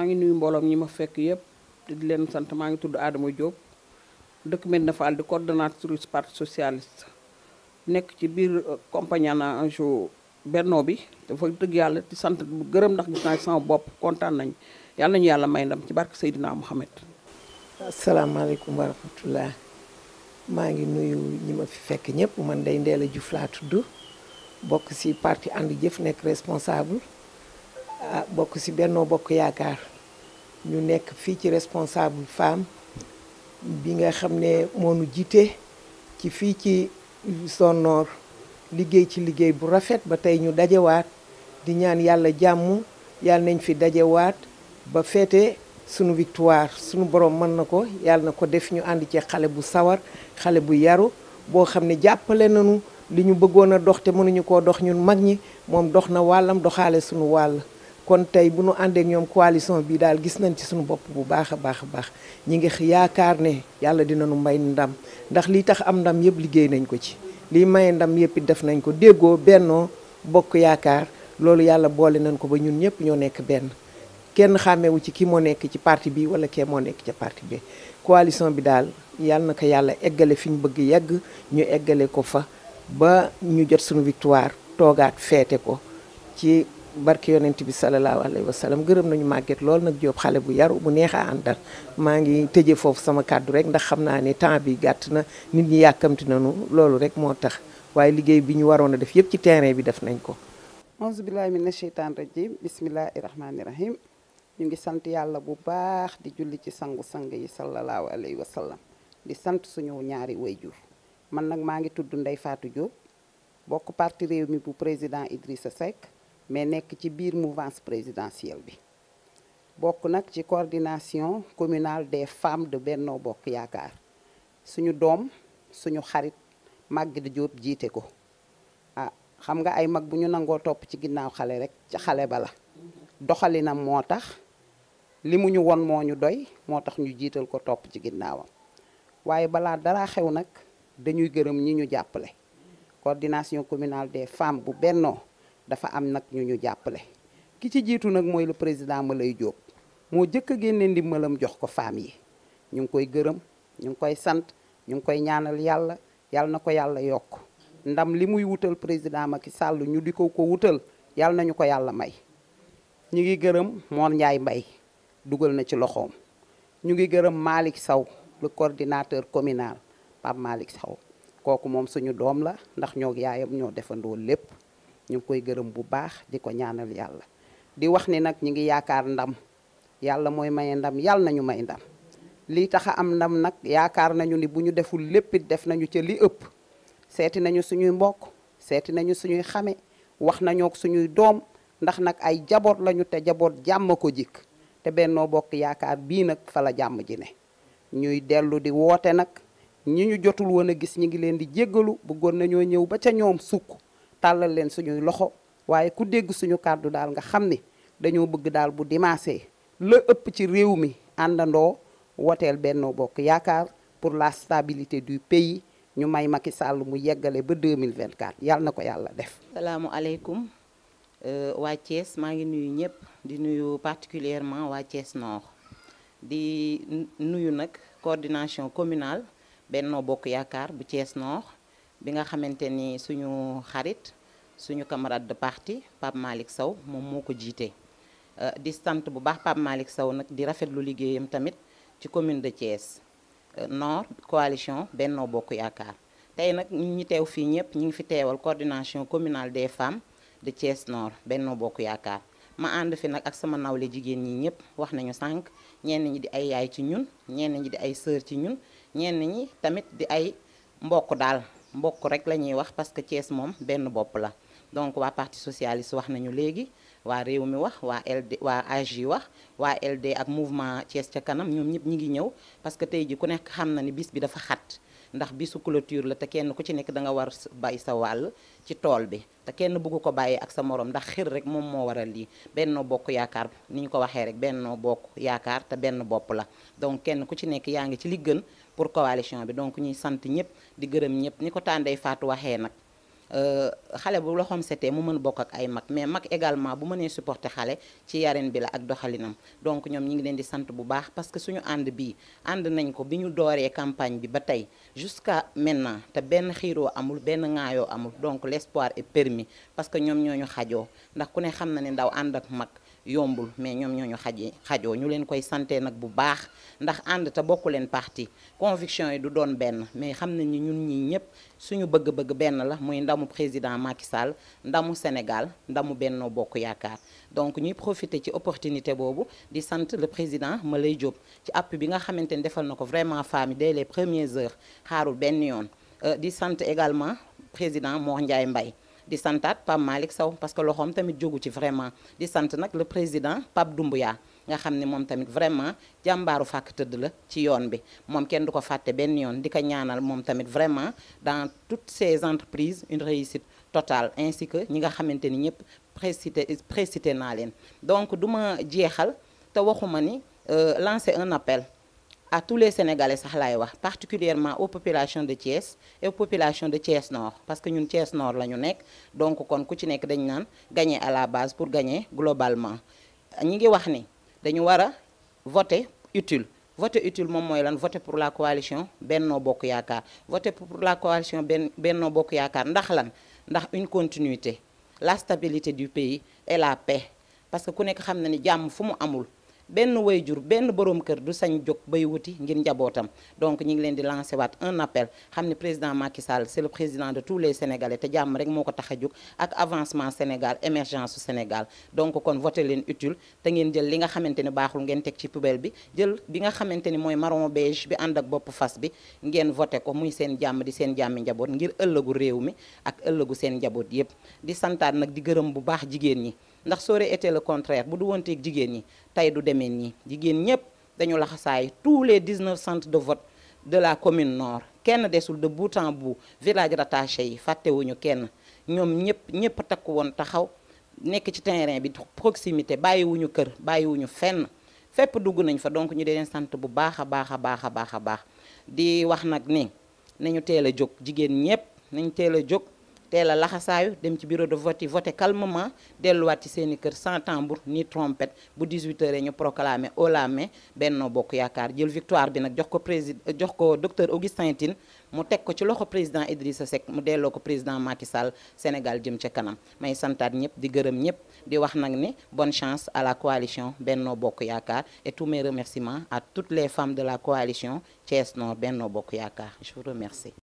maa ngi nuyu mbooloom ñi ma fekk yëpp di leen sant maa ngi tudd Adama Diop dëkk Medina fa di coordonnatrice parti socialiste nekk ci biir euh, compagnonnage Benno bi dafa dëgg yàlla di sant bu gërëm ndax gis naa sant bopp kontaan nañ yàlla nañu yàlla may ndam ci barke Seydina Mohamed. asalaamaaleykum wa rahmatullah maa ngi nuyu ñi ma fi fekk ñëpp man day Ndella Diouf laa tudd bokk ci parti ànd jëf nekk responsable. ah bokk ci Benno Bokk Yaakaar ñu nekk fii ci responsable femme bi nga xam ne moonu jiite ci fii ci zone nord liggéey ci liggéey bu rafet ba tey ñu dajewaat di ñaan yàlla jàmm yàlla nañ fi dajewaat ba feete sunu victoire sunu borom mën na ko yàlla na ko def ñu ànd ci xale bu sawar xale bu yaru boo xam ne jàppale nañu li ñu bëggoon a dox te mënuñu koo dox ñun mag ñi moom dox na wàllam doxaale sunu wàll kon tey bu nu àndeek ñoom coalition bi daal gis nañ ci suñu bopp bu baax a baax a baax ñi ngi yaakaar ne yàlla dina nu may ndam ndax li tax am ndam yëpp liggéey nañ ko ci li maye ndam yëpp def nañ ko déggoo bennoo bokk yaakaar loolu yàlla boole nañ ko ba ñun ñëpp ñoo nekk benn kenn xàmmewu ci ki moo nekk ci parti bi wala kee moo nekk ci parti bi coalition bi daal yàlla na ko yàlla eggale fi ñu bëgg yegg ñu eggale ko fa ba ñu jot suñu victoire toogaat feete ko barke yonent bi salallaahu alayhi wa sallam gërëm nañu màgget lool nag Jóob xale bu yaru bu neex a àndal maa ngi tëje foofu sama kàddu rek ndax xam naa ne temps bi gàtt na nit ñi yàkkamti nañu loolu rek moo tax waaye liggéey bi ñu waroon a def yëpp ci terrain bi def nañ ko auzu billaahi mina sheytaan rajim bismillaahi rahmaani rahim ñu ngi sant yàlla bu baax di julli ci sangu-sang yi salallaahu alayhi wa di sant suñu ñaari wayjur man nag maa ngi tudd Ndey Faatu Jóob bokk parti réew mi bu président Idrissa Seck mais nekk ci biir mouvance présidentielle bi bokk nag ci coordination communale des femmes de Benno Bokk Yaakaar suñu doom suñu xarit màgg di Diop jiite ko ah xam nga ay mag bu ñu nangoo topp ci ginnaaw xale rek ca xale ba la doxalinam moo tax li mu ñu won moo ñu doy moo tax ñu jiital ko topp ci ginnaawam waaye balaa dara xew nag dañuy gërëm ñi ñu jàppale coordination communale des femme bu bennoo dafa am nag ñu ñu jàppale ki ci jiitu nag mooy lu président Malay Diop moo jëkk a génne ndimbalam jox ko femmes yi ñu ngi koy gërëm ñu ngi koy sant ñu ngi koy ñaanal yàlla yàlla na ko yàlla yokk ndam li muy wutal président Macky sàll ñu di ko ko wutal yàlla nañu ko yàlla may ñu ngi gërëm moo njaay mbay dugal na ci loxoom ñu ngi gërëm Malick saw le coordinateur communal Pape Malick Sow kooku moom suñu doom la ndax ñoo yaayam ñoo defandoo lépp ñu koy gërëm bu baax di ñaanal yalla di wax ni nak ñi ngi yaakar ndam yalla moy maye ndam yalla nañu may ndam li taxa am ndam nak yaakar nañu ni buñu deful lepp def nañu ci li ëpp séti nañu suñuy mbokk séti nañu suñuy xamé wax ak suñuy doom ndax nak ay jaboot lañu te jabot jàmm ko jik te benno bokk yaakar bi nak fa la ji ne ñuy di wote nak ñi ñu jotul wona gis ñi ngi leen di jéggalu bëggoon nañu ñëw ba ca ñoom sukk tàllal leen suñuy loxo waaye ku dégg suñu kàddu daal nga xam ni dañoo bëgg daal bu dimaasee la ëpp ci réew mi àndandoo woteel Benno Bokk Yaakaar pour la stabilité du pays ñu may Macky Sall mu yeggale ba 2024 yàlla na ko yàlla def. salaamu aleykum euh, waa Thiès maa ngi nuyu ñëpp di nuyu particulièrement waa Thiès Nord di nuyu nag coordination communale Benno Bokk Yaakaar bu Thiès Nord. bi nga xamante ni suñu xarit suñu camarade de parti Pape Malick Sow moom moo ko jiite. Euh, di sant bu baax Pape saw nag di rafetlu liggéeyam tamit ci commune de Thiès euh, nord coalition Benno Bokk Yaakaar tey nag ñi teew fii ñëpp ñu ngi fi teewal coordination communale des femmes de Thiès nord Benno Bokk Yaakaar. ma ànd fi nag ak sama nawle jigéen ñi ñëpp wax nañu sànq ñenn ñi di ay yaay ci ñun ñenn ñi di ay sœur ci ñun ñenn ñi tamit di ay mbokk daal mbokk rek la ñuy wax parce que Thiès moom benn bopp la donc waa parti socialiste wax nañu léegi waa réew mi wax waa LD waa agi wax waa LD ak mouvement cees ca kanam ñoom ñëpp ñi ngi ñëw parce que tey ji ku nekk xam na ni bis bi dafa xat ndax bi su clôture la te kenn ku ci nekk danga war bàyyi sa wàll ci tool bi te kenn buggu ko bàyyi ak sa morom ndax xir rek moom moo waral lii Benno Bokk Yaakaar ni ñu ko waxee rek Benno Bokk Yaakaar te benn bopp la donc kenn ku ci nekk yaa ngi ci li gën pour coalition bi donc ñuy sant ñëpp di gërëm ñëpp ni ko tànday faatu waxee nag Euh, xale bu loxoom setee mu mën bokk ak ay mais mag également bu mënee supporter xale ci yaren bi la ak doxalinam donc ñom ñi ngi leen di sant bu baax parce que suñu and bi and nañ ko biñu ñu campagne bi batay jusqu'à maintenant te ben xiro amul ben ngaayo amul donc l'espoir est permis parce que ñoom ñooñu xajoo ndax ku ne xam na ndaw and ak mak yombul mais ñom ñoo ñu leen koy bu baax ndax bokku leen conviction yi du doon mais nous ñun suñu bëgg-bëgg la muy ndamu président Macky Sall ndamu Sénégal ndamu Benno donc ñuy profiter ci opportunité di le président Malay Diop ci app bi nga defal vraiment les premières heures euh, également président Mor Ndiaye di santat pap malik Sow parce que loxom tamit jogu ci vraiment di sant nak le président pap Doumbouya nga xamni mom tamit vraiment jàmbaaru fak teud la ci yoon bi mom kenn duko fatte ben benn yoon di ñaanal mom tamit vraiment dans toutes ces entreprises une réussite totale ainsi que ñi nga xamanteni ñep précité précité na len donc du jéxal te waxuma ni euh, lancer un appel à tous les Sénégalais particulièrement aux populations de Thiès et aux populations de Thiès Nord parce que ñun Thiès Nord là, donc nous ku ci gagner à la base pour gagner globalement Nous ngi voter utile voter utile voter pour la coalition Benno Bokk Yaakaar voter pour la coalition ben-, Benno Bokk c'est une continuité la stabilité du pays et la paix parce que ku nekk xam na ni benn jur benn borom kër du sañ jóg bay wuti ngir njabootam donc ñu ngi leen di lancé waat un appel xam ne président Macky Sall c'est le président de tous les Sénégalais te jàmm rek moo ko tax a jóg ak avancement Sénégal émergence su Sénégal donc kon voté leen utile te ngeen jël li nga xamante ni baaxul ngeen teg ci poubelle bi jël bi nga xamante ni mooy marron beige bi ànd ak bopp fas bi ngeen voté ko muy seen jàmm di seen jàmmi njaboot ngir ëllëgu réew mi ak ëllëgu seen njaboot yépp di santaat nag di gërëm bu baax jigéen ñi ndax ça aurait été le contraire bu du wonteeg jigen ñi tay du demee ni jigen ñep dañu xassay tous les 19 centres de vote de la commune nord kenn dessul de bout en bout village rattaché yi wuñu kenn ñom ñep ñep takku won taxaw nek ci terrain bi proximité wuñu kër wuñu fenn fep dugg nañ fa donc ñu di leen bu baaxa baaxa baaxa baaxa baax di wax nak ni nañu teel a jigen ñep ñëpp nañu teel teel la laxasaayu dem ci bureau de vote yi calmement delluwaat ci seen i sans tambour ni trompette bu 18h ñu proclamer au la main Benno Bokk Yaakaar jël victoire bi nak jox ko président jox ko docteur Augustin Tine mu tek ko ci loxo président Idrissa Seck mu delloo ko président Macky Sall Sénégal jëm ci kanam may santat ñep di gërëm ñep di wax nak bonne chance à la coalition Benno Bokk et tous mes remerciements à toutes les femmes de la coalition Thiès Nord Benno Bokk je vous remercie.